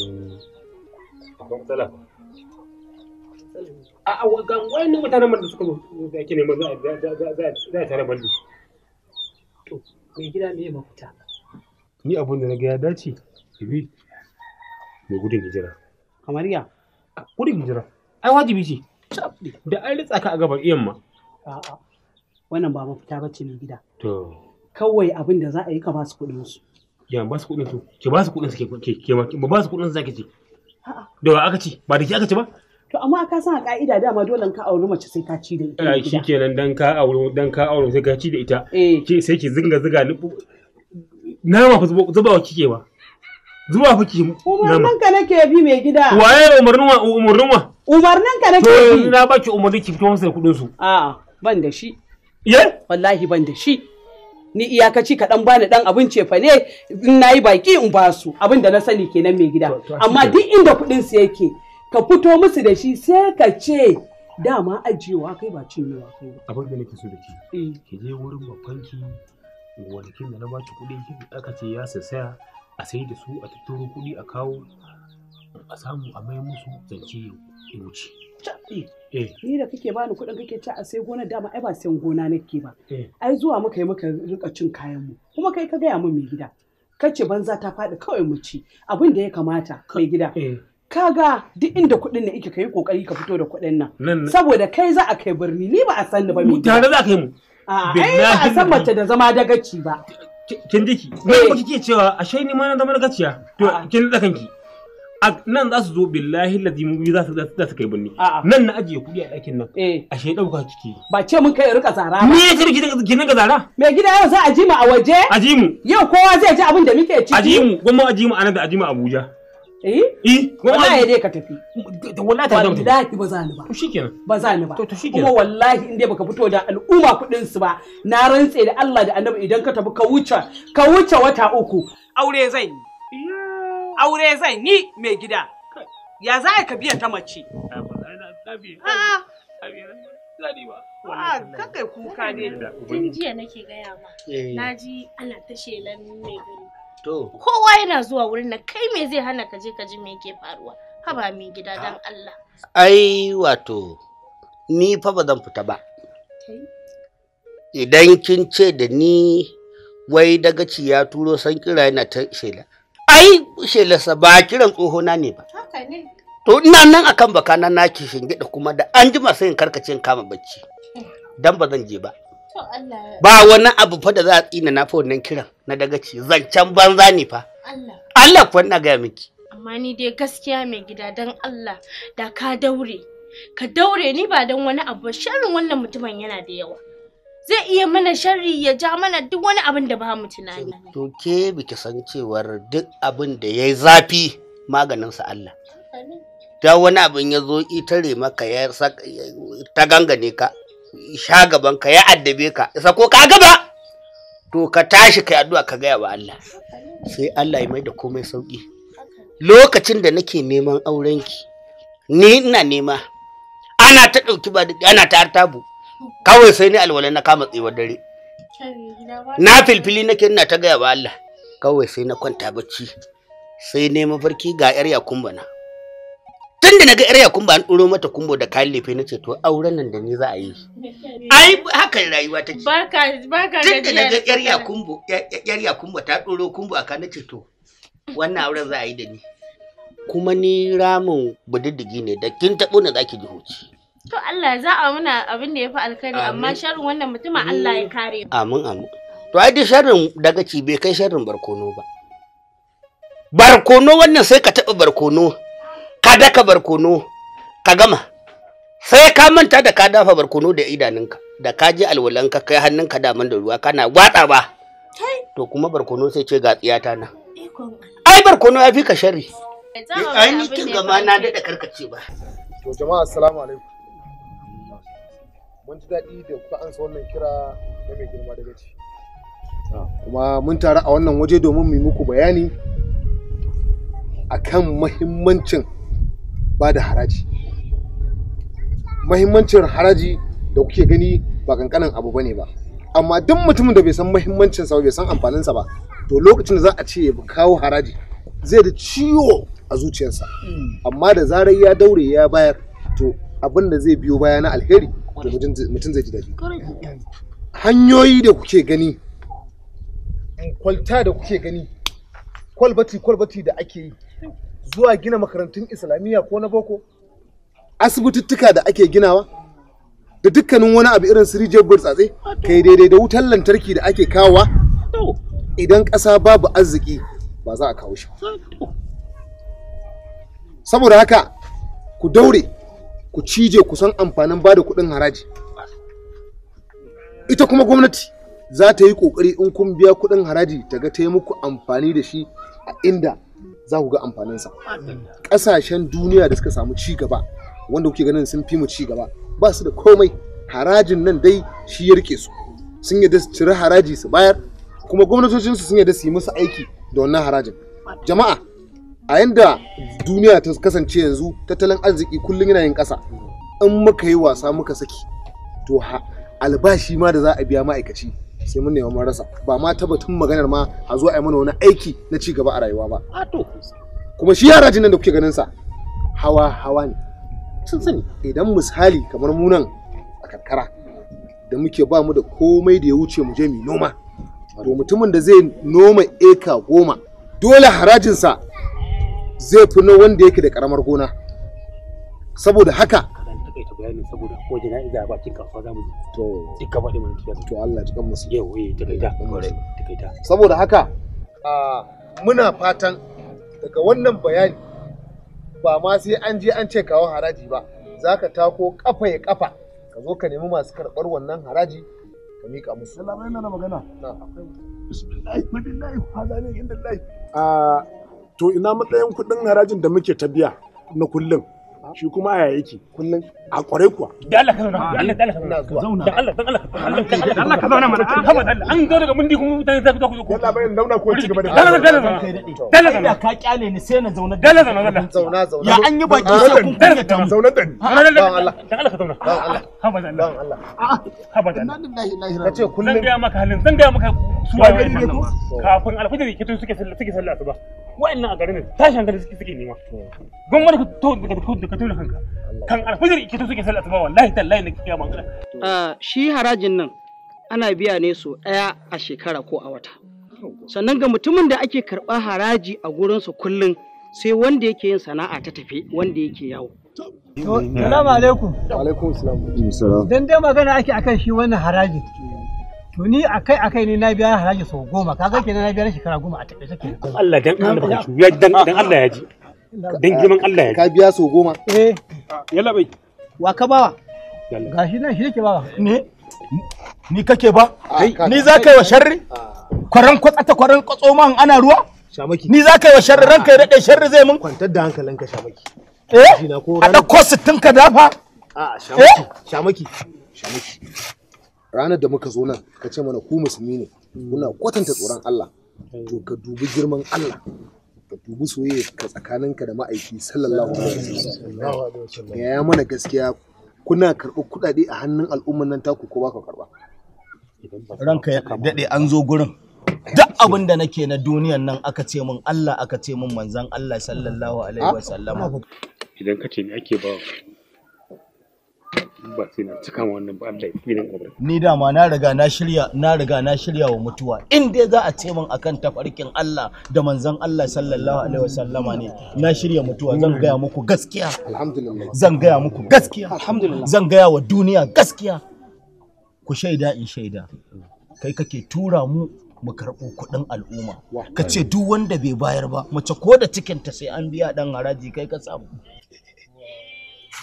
akwai matsala a ga wani mutanen mallu suka zo da ake neman za a tare mallu to mai gida me mafita ni abin da na ga ya dace ibi mai gudun hijira kamar ya gudun hijira ai wajibi ce da an ritsa ka a gaban iyan ma a'a wannan ba mafita bace na gida to kawai abin da za a yi ka basu kuɗin su ya ba su kuɗin su ke ba su kuɗin su ke ke ba ba su kuɗin su zaki ce da wa aka ci ba da ke aka ci ba to amma ka san a ka'ida dama dole ka auri mace sai ka ci da ita shi kenan dan ka auri dan ka auri sai ka ci da ita eh. ke sai ki zinga ziga nama fa wa kike ba zuba fa ki umarnin ka nake bi mai gida waye umarnin wa umarnin wa umarnin ka nake bi to na baki umarnin ki fito masa da kuɗin su a'a ban da shi Ye? Wallahi ban da shi. Ni iyakaci kaɗan bani ɗan abin cefa ne in na yi baƙi in ba su abin da na sani kenan mai gida. Amma duk inda kuɗin su yake ka fito musu da shi sai ka ce dama ajiyewa kai ba cinyewa kai ba. Abin da nake so da ke. Eh. Ki je wurin wani kin da na ba ki kuɗi aka ce ya sassaya a sai da su a tattaro kuɗi a kawo a samu a mai musu zance ya wuce. Eh. ni da kake bani kuɗin kake ci a sai gona dama ai ba sayan gona nake ba eh. ai zuwa muka yi muka rika cin kayan mu kuma kai ka gaya mun mai gida kace banza ta faɗi kawai mu ci abin da ya kamata mai gida eh. kaga duk inda kuɗin ne yake kai kokari ka fito da kuɗin nan saboda kai za a kai birni ni ba a san ba mai tare za a kai mu a ba a san mace da zama dagaci ba kin diki me kike cewa ashe ni ma na zama dagaciya to kin da kanki nan za su zo billahi ladi mu za su za su kai bunni nan na ajiye kuɗi a ɗakin nan eh. a shi ɗauka ciki ba ce mun kai rika zara ba me yake ki ki rika zara me gida yau sai aji mu a waje aji mu yau kowa zai ji abin da muke ciki aji mu gwamma aji mu anan da aji mu Abuja Eh? Eh, wallahi dai ka tafi. Wallahi ta zama. Wallahi ba za ni ba. To shikenan. Ba za ni ba. To shikenan. Kuma wallahi in dai baka fito da al'umma kuɗin su ba, na rantse da Allah da Annabi idan ka tafi ka wuce, ka wuce wata uku. Aure zan yi. aure zan yi mai gida ya za ka biya ta mace kakai kuka ne tun jiya nake gaya ma eh. na ji ana ta shelan mai gari kowa yana zuwa wurin na kai me zai hana ka je ka ji me ke faruwa haba mai gida ah. don Allah ai wato ni fa ba zan fita ba idan kin ce da ni wai dagaci ya turo san kira yana ta shela ai shelarsa ba kiran tsohona ne ba to ina nan akan baka na shinge shingida kuma da an jima sai in karkace kama bacci dan ba zan je ba ba wani abu fa da za a tsina na fa wannan kiran na daga ci zancen banza ne fa Allah kuwa ina gaya miki amma ni dai gaskiya mai gida dan Allah da ka daure ka daure ni ba dan wani abu sharrin wannan mutumin yana da yawa zai iya mana sharri ya ja mana duk wani abin da ba mu tunani. To ke biki san cewar duk abin da ya zafi maganinsa Allah. Ta wani abin ya zo itare maka ya ta gangane ka, sha gaban ka ya addabe ka, isa ko ka gaba. To ka tashi kai addu'a ka gaya wa Allah. Sai Allah ya mai da komai sauki. Lokacin da nake neman aurenki, ni ina nema, ana ta ɗauki ba ana ta tabu. kawai sai ni alwala na kama tsewa dare na filfili nake ina ta gaya ba Allah kawai sai na kwanta bacci sai ne mafarki ga yar yakumba na tun da naga yar yakumba an duro mata kumbo da kayan lefe nace to auren nan da ni za a yi ai haka rayuwa take baka baka tun da naga yar yakumbo yar yakumba ta duro kumbo aka nace to wannan auren za a yi da ni kuma ni ramin budiddigi ne da kin tabo na zaki ji huci To Allah za a muna abin da ya fi alkhairi amma sharrin wannan mutumin Allah ya kare Amin amin. To ai dai sharrin daga ci bai kai sharrin barkono ba. Barkono wannan sai ka taɓa barkono, ka daka barkono, ka gama. Sai ka manta da ka dafa barkono da idanunka, da ka je alwalanka kai hannunka daman da ruwa kana watsa ba. To kuma barkono sai ce ga tsiyata na. Ai barkono ya fi ka sharri. Eh, ai ni kin gama na daɗa karkace ba. To jama'a assalamu alaikum. mun ji daɗi da kuka ansa wannan kira na mai girma daga ci ah. kuma mun taru a wannan waje domin mu muku bayani akan mahimmancin ba da haraji mahimmancin haraji da kuke gani ba kankanin abu bane ba amma duk mutumin da bai san mahimmancin sa bai san amfanin sa ba to lokacin da za a ce ya kawo haraji zai da ciwo a zuciyarsa hmm. amma da zarar ya daure ya bayar to abin da zai biyo baya na alheri hanyoyi da kuke gani kwalta da kuke gani kwalbati kwalbati da ake yi zuwa gina makarantun islamiyya ko na boko asibitittuka da ake ginawa da dukkanin wani abu irin su rijiyar burtsatse kai daidai da wutar lantarki da ake kawowa idan ƙasa babu arziki ba za a kawo shi saboda haka ku daure ku cije ku san amfanin bada kuɗin haraji ita kuma gwamnati za ta yi kokari in kun biya kuɗin haraji ta ga ta yi muku amfani da shi a inda za ku ga amfaninsa ƙasashen duniya da suka samu ci gaba wanda kuke ganin sun fi mu ci gaba ba su da komai harajin nan dai shi ya rike su sun yadda su cire haraji su bayar kuma gwamnatocinsu sun yadda su yi musu aiki da wannan harajin jama'a a yadda duniya ta kasance yanzu tattalin arziki kullum yana yin ƙasa in muka yi wasa muka saki to ha albashi ma da za a biya ma'aikaci sai mun nema mun rasa ba ma tabbatun maganar ma a zo a yi mana wani aiki na ci gaba a rayuwa ba a to kuma shi yara nan da kuke ganin sa hawa hawa ne sun sani idan misali kamar munan a karkara da muke ba mu da komai da ya wuce mu je mu noma to mutumin da zai noma eka goma dole harajinsa zai fi no wanda yake da karamar gona saboda haka eh, saboda haka muna fatan daga wannan bayani ba ma sai an je an ce kawo haraji ba Za ka tako kafa ya kafa ka zo ka nemi masu karɓar wannan haraji ka mika musu to ina matsayin kuɗin harajin da muke ta biya na kullum shi kuma a yake kullum a kwarai kuwa da Allah ka zauna da Allah da Allah ka zauna da Allah da Allah da Allah ka zauna mana haba da Allah an zo daga mundi kuma mutane za ku zo ku zo ku Allah bayan zauna ko ci gaba da Allah da Allah da Allah da ka kyale ni sai na zauna da Allah zauna zauna ya an yi baki sai kun kunna ta zauna da ni da Allah da Allah ka zauna da Allah haba da Allah haba da Allah ce kullum zan ga maka halin zan ga maka su ne ko kafin alfajiri ke tun suke suke sallah asuba wa'annan a garin tashin hankali suke suke nema gwamnati ka to da ka to da ka kanka kan alfajir ikito suke sallar asuba wallahi tallahi na kiya magana ah, shi harajin nan ana biya ne so daya a shekara ko a wata sannan ga mutumin da ake karba haraji a su kullum sai wanda yake yin sana'a ta tafi wanda yake yawo salamu alaikum alaikum salam dan dai magana ake akan shi wannan haraji to ni akai akai ne na biya haraji sau goma kaga kenan na biya shekara goma a take take Allah dan Allah ya ji Dan girman Allah ya. Ka biya so goma. Eh. Yalla bai. Wa ka bawa? Gashi nan shi yake bawa. Ne? Ni kake ba? Ni za ka yi wa sharri? Kwaran kwatsa ta kwaran kwatso man ana ruwa? Shamaki. Ni za ka yi wa sharri ranka ya daɗe sharri zai mun? Kwantar da hankalinka shamaki. Eh? A ɗauko sittin ka dafa? A'a shamaki. Eh? Shamaki. Shamaki. Ranar da muka zo nan ka ce mana ku musulmi ne kuna kwatanta tsoron Allah to ka dubi girman Allah ka dubi soyayya ka tsakaninka da ma'aiki sallallahu alaihi wasallam ya mana gaskiya kuna karɓar kuɗaɗe a hannun al'umman nan taku ko ba ka karɓa ranka ya daɗe an zo gurin duk abin da nake na duniyan nan aka ce min Allah aka ce min manzon Allah sallallahu alaihi wasallam idan ka ce me ake ba ma ni dama na riga na shirya na riga na shirya wa mutuwa in dai za a ce min akan tafarkin Allah da manzon Allah sallallahu alaihi wasallama ne na shirya mutuwa zan gaya muku gaskiya alhamdulillah zan gaya muku gaskiya alhamdulillah zan gaya wa duniya gaskiya ku shaida in shaida kai kake tura mu mu karɓo kuɗin al'umma ka ce duk wanda bai bayar ba mace ko da cikinta sai an biya ɗan haraji kai ka samu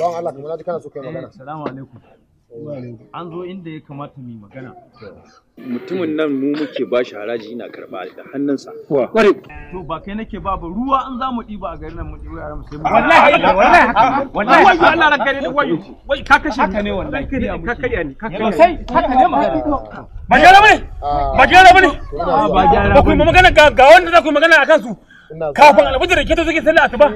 don Allah kuma naji kana so kai magana assalamu eh, alaikum an zo inda ya kamata mu magana mutumin nan mu muke ba shi haraji ina karba da hannunsa kware to ba kai nake ba ba ruwa an za mu diba a garin nan mu diba ramu sai mu wallahi wallahi wallahi wallahi Allah ran gare ni wayo wai ka kashe haka ne wallahi ka kai ni ka kai sai haka ne ma ah. ah, ba gara bane ba gara bane ba gara bane ku magana ga wanda za ku magana akan su kafin alfajir ke ta zuke sallah asuba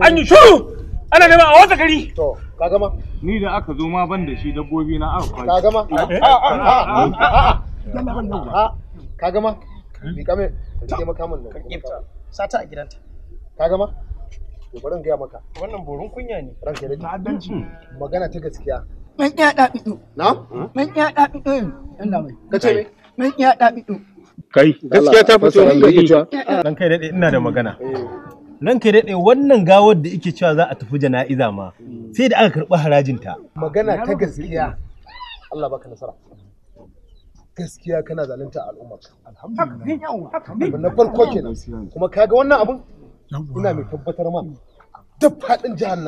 an yi shuru ana nema a wata gari to ka gama ni da aka zo ma ban da shi dabbobi na aka kwashi ka gama ka gama mi kame ka ke maka mun nan sata a gidanta ka gama to bari in gaya maka wannan borun kunya ne ranka da ta'addanci magana ta gaskiya mun iya da bidu na mun iya da bidu Allah mai ka ce mai mun iya da bidu kai gaskiya ta fito hankali dan kai dade ina da magana eh ranka daɗe wannan gawar da ike cewa za a tafi jana'iza ma sai da aka karɓi harajinta. Magana ta gaskiya Allah baka nasara. Gaskiya kana zalunta al'umma. Alhamdulillah. Na farko kenan. Kuma kaga wannan abun ina mai tabbatar ma duk faɗin jihar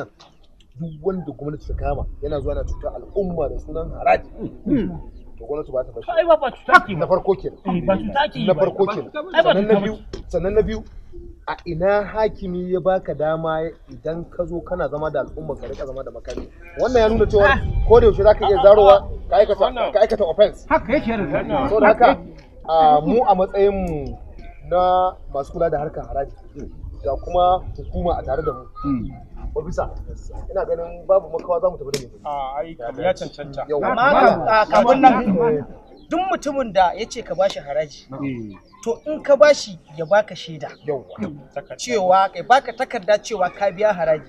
duk wanda gwamnati ta kama yana zuwa na cutar al'umma da sunan haraji. to gwamnati ba ta bashi. Ai ba Na farko kenan. Ba ke. Na farko kenan. Sannan na biyu sannan na biyu a ina hakimi ya baka dama idan ka zo kana zama da al'umma ka rika zama da makami wannan ya nuna cewa ko da yaushe zaka iya zarowa ka aikata ka aikata offense haka yake da so da haka mu a matsayin mu na masu kula da harkar haraji da kuma hukuma a tare da mu hmm. ofisa ina ganin babu makawa za mu tafi da mu a ai ya cancanta yau amma kafin nan eh, duk mutumin da ya ce ka bashi haraji to in ka bashi ya baka shaida cewa ka baka takarda cewa ka biya haraji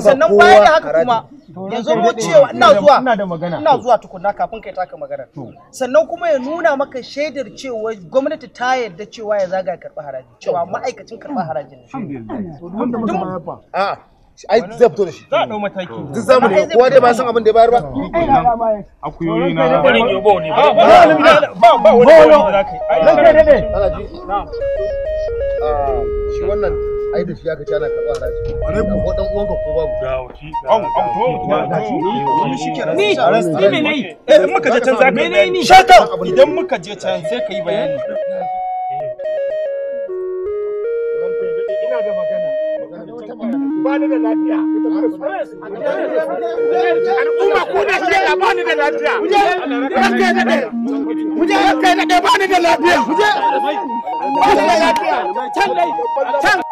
sannan bayan haka kuma yanzu mu cewa ina zuwa ina da magana ina zuwa tukunna kafin kai taka magana sannan kuma ya nuna maka shaidar cewa gwamnati ta yarda cewa ya zaga karba haraji cewa ma'aikacin karba haraji ne ai zai fito da shi za a dau mataki duk zamu ne kowa dai ba san abin da ya bayar ba akuyoyi na barin yobo ne ba ba ba wani ba za ka yi lafiya dade shi wannan ai da shi aka ci ana karɓa haraji ko dan uwanka ko babu ga wuci an an to da shi ni shi ke ni ni me nayi idan muka je can za ka Ni? shaka idan muka je can sai ka yi bayani ina ga magana magana ba ni da lafiya al'umma ku ne ke da ba da lafiya muje da lafiya muje da lafiya can can